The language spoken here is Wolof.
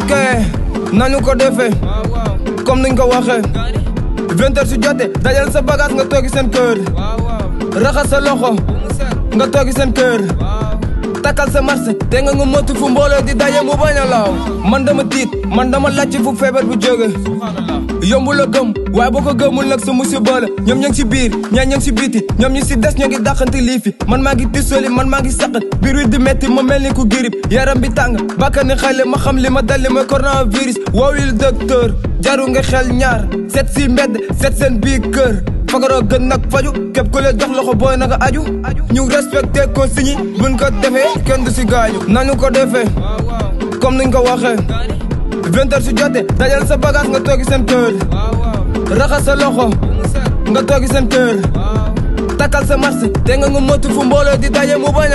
ok nañu ko defee comme niñ ko waxe vingt heures su jotee dajal sa bagage nga toogi seen kër raxas sa loxo nga toogi seen kër takkal sa marché té nga nga motu fu mbooloo di dajé mu baña law man dama tiit man dama lacc fu fébar bu jóge yombu la gëm way bu ko gëmul nak sa musiba la ñom ñang ci biir ñang ci biti ñom ñi ci dess ñangi daxanti man ma ngi tissoli man ma ngi saqat biir wi di metti ma melni ku girib yaram bi tang bàkkani xalé ma xam li ma dalé ma coronavirus wawil docteur jaru nga xel ñaar set si mbedd set sen bi keur fagaroo gën nag faju képp ku la jox loxo booy naka aju ñu respecté consigne buñ ko defee kenn du si gaañu nañu ko defee comme nuñ ko waxee vingt heures su jotee dajal sa bagage nga toogi seen kër raxas sa loxo nga toogi seen kër takkal sa marché te nga nga motu fu mbooloo di daje mu bañ